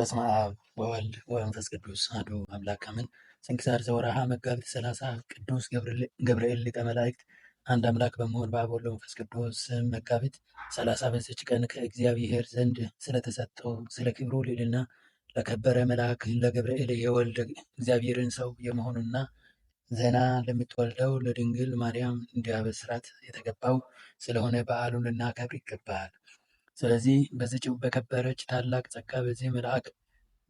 በስመ አብ ወወልድ ወመንፈስ ቅዱስ አሐዱ አምላክ አሜን። ስንክሳር ዘወርኀ መጋቢት ሰላሳ ቅዱስ ገብርኤል ሊቀ መላእክት። አንድ አምላክ በመሆን በአብ ወወልድ ወመንፈስ ቅዱስ መጋቢት ሰላሳ በዚች ቀን ከእግዚአብሔር ዘንድ ስለተሰጠው ስለ ክብሩ ልዕልና ለከበረ መልአክ ለገብርኤል የወልድ እግዚአብሔርን ሰው የመሆኑና ዘና ለምትወልደው ለድንግል ማርያም እንዲያበስራት የተገባው ስለሆነ በዓሉን ልናከብር ይገባል። ስለዚህ በዚች በከበረች ታላቅ ጸጋ በዚህ መልአክ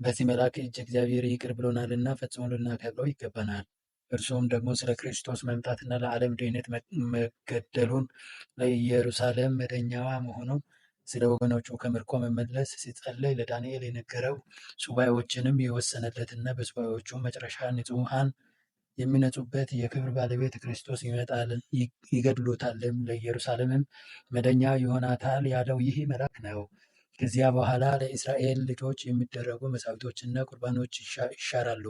በዚህ መልአክ እጅ እግዚአብሔር ይቅር ብሎናልና ፈጽሞ ልናከብረው ይገባናል። እርሱም ደግሞ ስለ ክርስቶስ መምጣትና ለዓለም ድኅነት መገደሉን ለኢየሩሳሌም መደኛዋ መሆኑን ስለ ወገኖቹ ከምርኮ መመለስ ሲጸለይ ለዳንኤል የነገረው ሱባኤዎችንም የወሰነለትና በሱባኤዎቹ መጨረሻ ንጹሐን የሚነጹበት የክብር ባለቤት ክርስቶስ ይመጣል፣ ይገድሉታልም፣ ለኢየሩሳሌምም መደኛ ይሆናታል ያለው ይህ መልአክ ነው። ከዚያ በኋላ ለእስራኤል ልጆች የሚደረጉ መሥዋዕቶችና ቁርባኖች ይሻራሉ።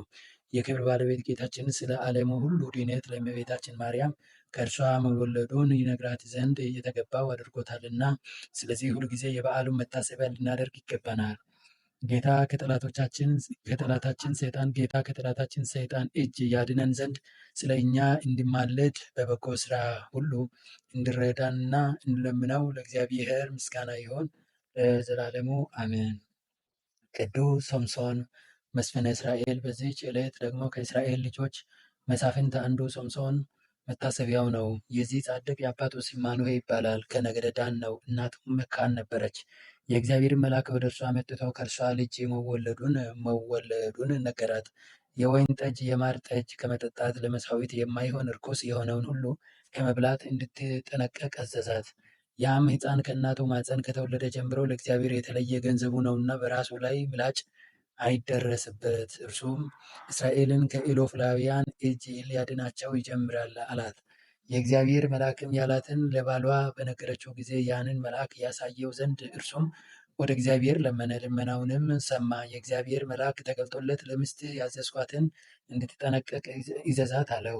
የክብር ባለቤት ጌታችን ስለ ዓለሙ ሁሉ ድኅነት ለእመቤታችን ማርያም ከእርሷ መወለዱን ይነግራት ዘንድ የተገባው አድርጎታልና፣ ስለዚህ ሁልጊዜ የበዓሉን መታሰቢያ ልናደርግ ይገባናል። ጌታ ከጠላቶቻችን ከጠላታችን ሰይጣን ጌታ ከጠላታችን ሰይጣን እጅ ያድነን ዘንድ ስለ እኛ እንዲማለድ በበጎ ስራ ሁሉ እንዲረዳንና እንለምነው። ለእግዚአብሔር ምስጋና ይሆን ለዘላለሙ አሜን። ቅዱስ ሶምሶን መስፍነ እስራኤል። በዚህች ዕለት ደግሞ ከእስራኤል ልጆች መሳፍንት አንዱ ሶምሶን መታሰቢያው ነው። የዚህ ጻድቅ የአባቱ ስም ማኑሄ ይባላል። ከነገደ ዳን ነው። እናቱ መካን ነበረች። የእግዚአብሔርን መልአክ ወደ እርሷ መጥተው ከእርሷ ልጅ መወለዱን መወለዱን ነገራት። የወይን ጠጅ፣ የማር ጠጅ ከመጠጣት ለመሳዊት የማይሆን እርኩስ የሆነውን ሁሉ ከመብላት እንድትጠነቀቅ አዘዛት። ያም ሕፃን ከእናቱ ማፀን ከተወለደ ጀምሮ ለእግዚአብሔር የተለየ ገንዘቡ ነውና በራሱ ላይ ምላጭ አይደረስበት። እርሱም እስራኤልን ከኢሎፍላውያን እጅ ሊያድናቸው ይጀምራል አላት። የእግዚአብሔር መልአክም ያላትን ለባሏ በነገረችው ጊዜ ያንን መልአክ ያሳየው ዘንድ እርሱም ወደ እግዚአብሔር ለመነ። ልመናውንም ሰማ። የእግዚአብሔር መልአክ ተገልጦለት ለምስት ያዘዝኳትን እንድትጠነቀቅ ይዘዛት አለው።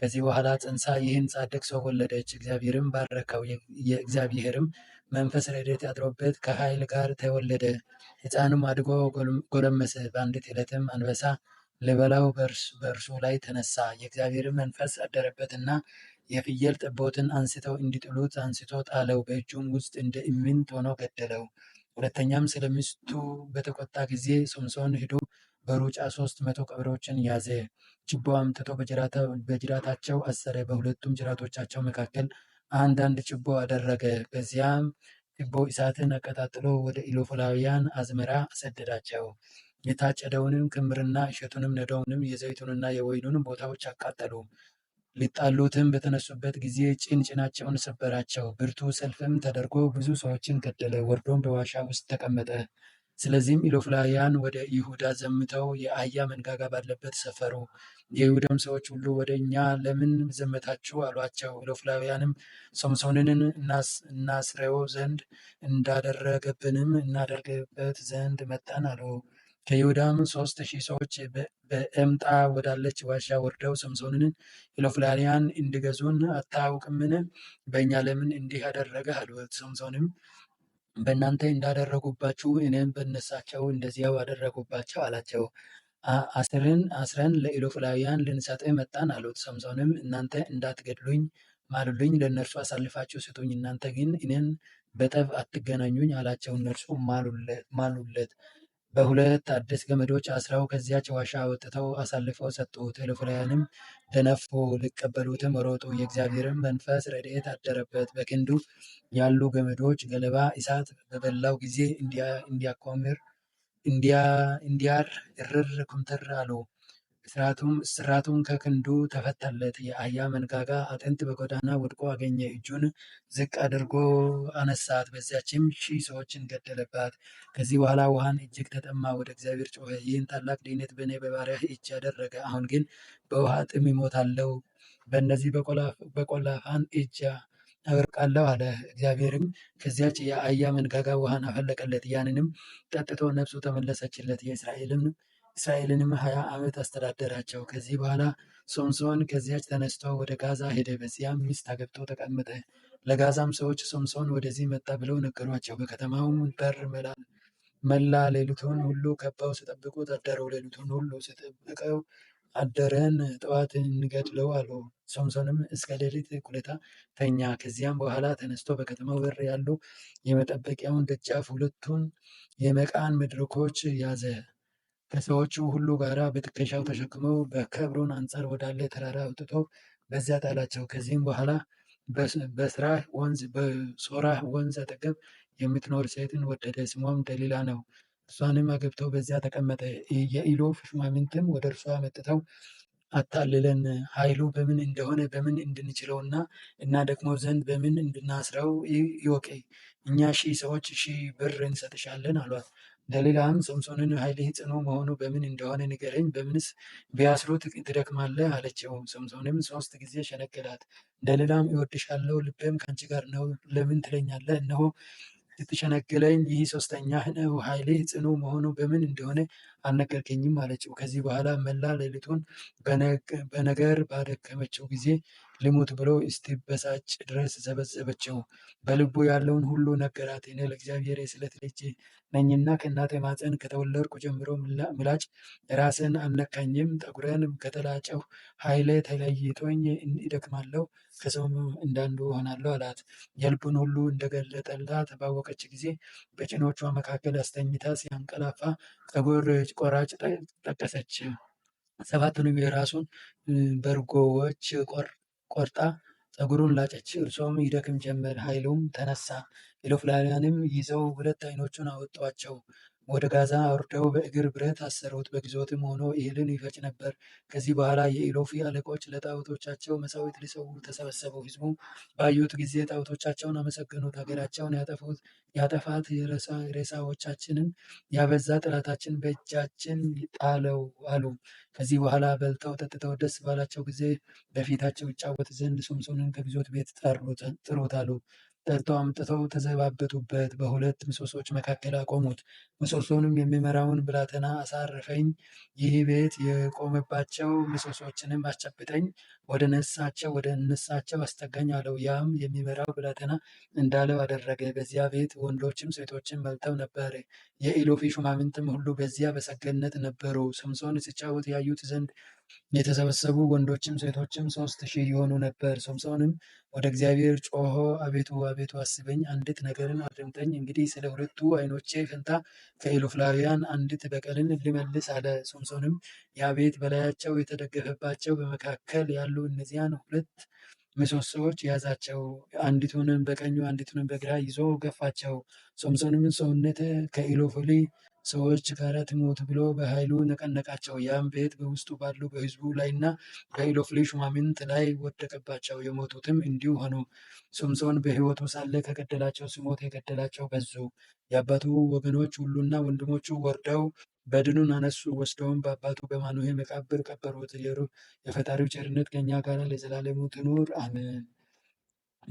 ከዚህ በኋላ ጽንሳ ይህን ጻድቅ ሰው ወለደች። እግዚአብሔርም ባረከው። የእግዚአብሔርም መንፈስ ረድኤት ያድሮበት ከኃይል ጋር ተወለደ። ሕፃኑም አድጎ ጎለመሰ። በአንዲት ዕለትም አንበሳ ልበላው በእርሱ ላይ ተነሳ። የእግዚአብሔር መንፈስ አደረበትና የፍየል ጥቦትን አንስተው እንዲጥሉት አንስቶ ጣለው፣ በእጁም ውስጥ እንደ ኢምንት ሆኖ ገደለው። ሁለተኛም ስለ ሚስቱ በተቆጣ ጊዜ ሶምሶን ሂዶ በሩጫ ሶስት መቶ ቀበሮችን ያዘ፣ ችቦ አምጥቶ በጅራታቸው አሰረ፣ በሁለቱም ጅራቶቻቸው መካከል አንዳንድ ችቦ አደረገ። በዚያም ችቦ እሳትን አቀጣጥሎ ወደ ኢሎፎላውያን አዝመራ ሰደዳቸው። የታጨደውንም ክምርና እሸቱንም ነዶውንም የዘይቱንና የወይኑንም ቦታዎች አቃጠሉ። ሊጣሉትም በተነሱበት ጊዜ ጭን ጭናቸውን ሰበራቸው። ብርቱ ሰልፍም ተደርጎ ብዙ ሰዎችን ገደለ። ወርዶም በዋሻ ውስጥ ተቀመጠ። ስለዚህም ኢሎፍላውያን ወደ ይሁዳ ዘምተው የአህያ መንጋጋ ባለበት ሰፈሩ። የይሁዳም ሰዎች ሁሉ ወደ እኛ ለምን ዘመታችሁ አሏቸው። ኢሎፍላውያንም ሶምሶንን እናስረው ዘንድ እንዳደረገብንም እናደርግበት ዘንድ መጣን አሉ። ከይሁዳም ሶስት ሺህ ሰዎች በእምጣ ወዳለች ዋሻ ወርደው ሰምሶንን ኢሎፍላልያን እንዲገዙን አታውቅምን? በእኛ ለምን እንዲህ አደረግህ? አሉት። ሰምሶንም በእናንተ እንዳደረጉባችሁ እኔም በነሳቸው እንደዚያው አደረጉባቸው አላቸው። አስርን አስረን ለኢሎፍላውያን ልንሰጥ መጣን አሉት። ሰምሶንም እናንተ እንዳትገድሉኝ ማሉልኝ፣ ለእነርሱ አሳልፋችሁ ስጡኝ፣ እናንተ ግን እኔን በጠብ አትገናኙኝ አላቸው። እነርሱ ማሉለት። በሁለት አዲስ ገመዶች አስረው ከዚያች ዋሻ አውጥተው አሳልፈው ሰጡት። ኤልፍላያንም ደነፉ፣ ሊቀበሉትም ሮጡ። የእግዚአብሔርም መንፈስ ረድኤት አደረበት። በክንዱ ያሉ ገመዶች ገለባ እሳት በበላው ጊዜ እንዲያር እርር ኩምትር አሉ። እስራቱም ከክንዱ ተፈታለት። የአህያ መንጋጋ አጥንት በጎዳና ወድቆ አገኘ። እጁን ዝቅ አድርጎ አነሳት፣ በዚያችም ሺህ ሰዎችን ገደለባት። ከዚህ በኋላ ውሃን እጅግ ተጠማ። ወደ እግዚአብሔር ጮኸ፣ ይህን ታላቅ ድህነት በእኔ በባሪያ እጅ ያደረገ፣ አሁን ግን በውሃ ጥም ይሞታለው። በእነዚህ በቆላፋን እጅ አበቃለሁ አለ። እግዚአብሔርም ከዚያች የአህያ መንጋጋ ውሃን አፈለቀለት፣ ያንንም ጠጥቶ ነፍሱ ተመለሰችለት። የእስራኤልም እስራኤልንም ሀያ ዓመት አስተዳደራቸው። ከዚህ በኋላ ሶምሶን ከዚያች ተነስቶ ወደ ጋዛ ሄደ፣ በዚያም ሚስት አግብቶ ተቀመጠ። ለጋዛም ሰዎች ሶምሶን ወደዚህ መጣ ብለው ነገሯቸው። በከተማውም በር መላ ሌሊቱን ሁሉ ከበው ሲጠብቁት አደሩ። ሌሊቱን ሁሉ ሲጠብቀው አደረን። ጠዋት እንገድለው አሉ። ሶምሶንም እስከ ሌሊት ኩሌታ ተኛ። ከዚያም በኋላ ተነስቶ በከተማው በር ያሉ የመጠበቂያውን ደጃፍ፣ ሁለቱን የመቃን መድረኮች ያዘ። ከሰዎቹ ሁሉ ጋር በትከሻው ተሸክሞ በኬብሮን አንጻር ወዳለ ተራራ አውጥቶ በዚያ ጣላቸው። ከዚህም በኋላ በስራ ወንዝ አጠገብ የምትኖር ሴትን ወደደ፣ ስሟም ደሊላ ነው። እርሷንም አግብቶ በዚያ ተቀመጠ። የኢሎ ሹማምንትም ወደ እርሷ መጥተው አታልለን ኃይሉ በምን እንደሆነ በምን እንድንችለውና ደግሞ ዘንድ በምን እንድናስረው ይወቀ። እኛ ሺህ ሰዎች ሺህ ብር እንሰጥሻለን አሏት። ለሌላም ሶምሶንን ኃይልህ ጽኑ መሆኑ በምን እንደሆነ ንገረኝ፣ በምንስ ቢያስሩት ትደክማለህ አለችው። ሶምሶንም ሶስት ጊዜ ሸነገላት። ደሊላም እወድሻለሁ፣ ልቤም ከአንቺ ጋር ነው፣ ለምን ትለኛለህ? እነሆ ስትሸነግለኝ ይህ ሶስተኛ ነው፣ ኃይልህ ጽኑ መሆኑ በምን እንደሆነ አልነገርከኝም አለችው። ከዚህ በኋላ መላ ሌሊቱን በነገር ባደከመችው ጊዜ ልሙት ብሎ በሳጭ ድረስ ዘበዘበችው። በልቡ ያለውን ሁሉ ነገራት። እኔ ለእግዚአብሔር የስለት ልጅ ነኝና ከእናቴ ማፀን ከተወለድኩ ጀምሮ ምላጭ ራስን አልነካኝም። ጠጉረንም ከተላጨሁ ኃይሌ ተለይቶኝ እደክማለሁ፣ ከሰውም እንዳንዱ ሆናለሁ አላት። የልቡን ሁሉ እንደገለጠላት ባወቀች ጊዜ በጭኖቿ መካከል አስተኝታ ሲያንቀላፋ ፀጉር ቆራጭ ጠቀሰች። ሰባቱንም የራሱን በርጎዎች ቆርጣ ፀጉሩን ላጨች። እርሷም ይደክም ጀመር፣ ኃይሉም ተነሳ ኤሎፍላልያንም ይዘው ሁለት አይኖቹን አወጧቸው። ወደ ጋዛ አውርደው በእግር ብረት አሰሩት። በግዞትም ሆኖ እህልን ይፈጭ ነበር። ከዚህ በኋላ የኢሎፊ አለቆች ለጣዖቶቻቸው መሳዊት ሊሠዉ ተሰበሰቡ። ህዝቡ ባዩት ጊዜ ጣዖቶቻቸውን አመሰገኑት። ሀገራቸውን ያጠፉት ያጠፋት ሬሳዎቻችንን ያበዛ ጠላታችን በእጃችን ጣለው አሉ። ከዚህ በኋላ በልተው ጠጥተው ደስ ባላቸው ጊዜ በፊታቸው ይጫወት ዘንድ ሶምሶንን ከግዞት ቤት ጥሩት አሉ። ጠርተው አምጥተው ተዘባበቱበት፣ በሁለት ምሰሶች መካከል አቆሙት። ምሰሶንም የሚመራውን ብላተና አሳርፈኝ፣ ይህ ቤት የቆመባቸው ምሰሶችንም አስጨብጠኝ፣ ወደ ነሳቸው ወደ እነሳቸው አስጠጋኝ አለው። ያም የሚመራው ብላተና እንዳለው አደረገ። በዚያ ቤት ወንዶችም ሴቶችም መልተው ነበር። የኢሎፊ ሹማምንትም ሁሉ በዚያ በሰገነት ነበሩ። ሰምሶን ሲጫወት ያዩት ዘንድ የተሰበሰቡ ወንዶችም ሴቶችም ሶስት ሺህ የሆኑ ነበር። ሶምሶንም ወደ እግዚአብሔር ጮሆ አቤቱ አቤቱ አስበኝ፣ አንዲት ነገርን አድምጠኝ፤ እንግዲህ ስለ ሁለቱ ዓይኖቼ ፍንታ ከኢሎፍላውያን አንዲት በቀልን ልመልስ አለ። ሶምሶንም ያቤት በላያቸው የተደገፈባቸው በመካከል ያሉ እነዚያን ሁለት ምሰሶዎች ያዛቸው፣ አንዲቱንም በቀኙ አንዲቱንም በግራ ይዞ ገፋቸው። ሶምሶንም ሰውነት ከኢሎፍሊ ሰዎች ከረት ሞት ብሎ በኃይሉ ነቀነቃቸው። ያም ቤት በውስጡ ባሉ በሕዝቡ ላይና በኢሎፍሌ ሹማምንት ላይ ወደቀባቸው። የሞቱትም እንዲሁ ሆኑ። ሶምሶን በህይወቱ ሳለ ከገደላቸው ሲሞት የገደላቸው በዙ። የአባቱ ወገኖች ሁሉና ወንድሞቹ ወርደው በድኑን አነሱ። ወስደውም በአባቱ በማኑሄ መቃብር ቀበሩት። የፈጣሪው ቸርነት ከኛ ጋር ለዘላለሙ ትኑር አሜን።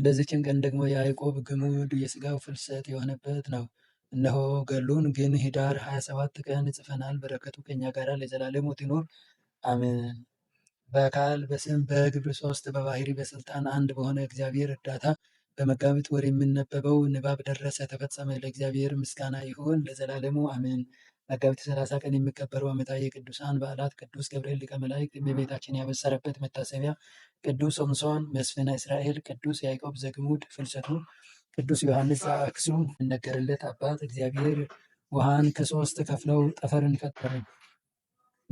በዚህ ቀን ደግሞ የያዕቆብ ግሙድ የስጋው ፍልሰት የሆነበት ነው። እነሆ ገሉን ግን ህዳር 27 ቀን ጽፈናል። በረከቱ ከኛ ጋር ለዘላለሙ ትኖር አሜን። በአካል በስም በግብር ሶስት በባህሪ በስልጣን አንድ በሆነ እግዚአብሔር እርዳታ በመጋቢት ወር የምንነበበው ንባብ ደረሰ ተፈጸመ። ለእግዚአብሔር ምስጋና ይሁን ለዘላለሙ አሜን። መጋቢት 30 ቀን የሚከበረው ዓመታዊ የቅዱሳን በዓላት ቅዱስ ገብርኤል ሊቀ መላእክት እመቤታችን ያበሰረበት መታሰቢያ፣ ቅዱስ ሶምሶን መስፍነ እስራኤል፣ ቅዱስ ያዕቆብ ዘግሙድ ፍልሰቱ ቅዱስ ዮሐንስ አክሱም እነገርለት አባት እግዚአብሔር ውሃን ከሶስት ከፍለው ጠፈርን ፈጠሩ።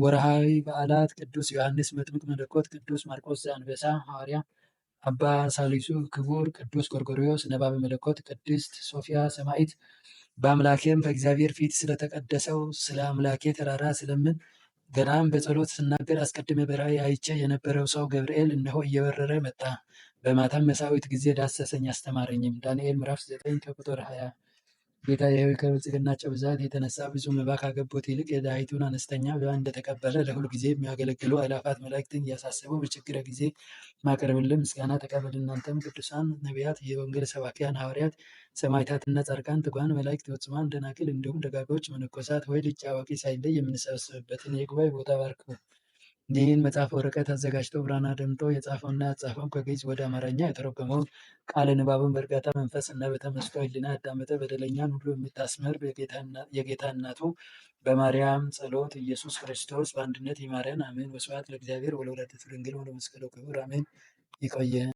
ወርሃዊ በዓላት ቅዱስ ዮሐንስ መጥምቅ መለኮት፣ ቅዱስ ማርቆስ ዘአንበሳ ሐዋርያ፣ አባ ሳሊሱ ክቡር፣ ቅዱስ ጎርጎርዮስ ነባብ መለኮት፣ ቅድስት ሶፊያ ሰማዕት። በአምላኬም በእግዚአብሔር ፊት ስለተቀደሰው ስለ አምላኬ ተራራ ስለምን ገናም በጸሎት ስናገር አስቀድሜ በራእይ አይቼ የነበረው ሰው ገብርኤል እነሆ እየበረረ መጣ። በማታም መሳዊት ጊዜ ዳሰሰኝ አስተማረኝም። ዳንኤል ምዕራፍ 9 ከቁጥር 20 ጌታ የህዊ ከብልጽግናቸው ብዛት የተነሳ ብዙ መባ ካገቡት ይልቅ የድሃይቱን አነስተኛ መባ እንደተቀበለ ለሁል ጊዜ የሚያገለግሉ አእላፋት መላእክትን እያሳሰቡ በችግረ ጊዜ ማቅረብልን ምስጋና ተቀበል። እናንተም ቅዱሳን ነቢያት፣ የወንጌል ሰባኪያን ሐዋርያት፣ ሰማዕታትና ጻድቃን፣ ትጉሃን መላእክት፣ ፍጹማን ደናግል፣ እንዲሁም ደጋጋዎች መነኮሳት ወይ ልጅ አዋቂ ሳይለይ የምንሰበስብበትን የጉባኤ ቦታ ባርክ። ይህን መጽሐፍ ወረቀት አዘጋጅቶ ብራና ደምጦ የጻፈውና ያጻፈው ከግዕዝ ወደ አማርኛ የተረጎመው ቃለ ንባብን በእርጋታ መንፈስ እና በተመስጦ ሕሊና ያዳመጠ በደለኛን ሁሉ የምታስምር የጌታ እናቱ በማርያም ጸሎት ኢየሱስ ክርስቶስ በአንድነት ይማረን አሜን። ወስብሐት ለእግዚአብሔር ወለወላዲቱ ድንግል ወለመስቀሉ ክቡር አሜን። ይቆየን።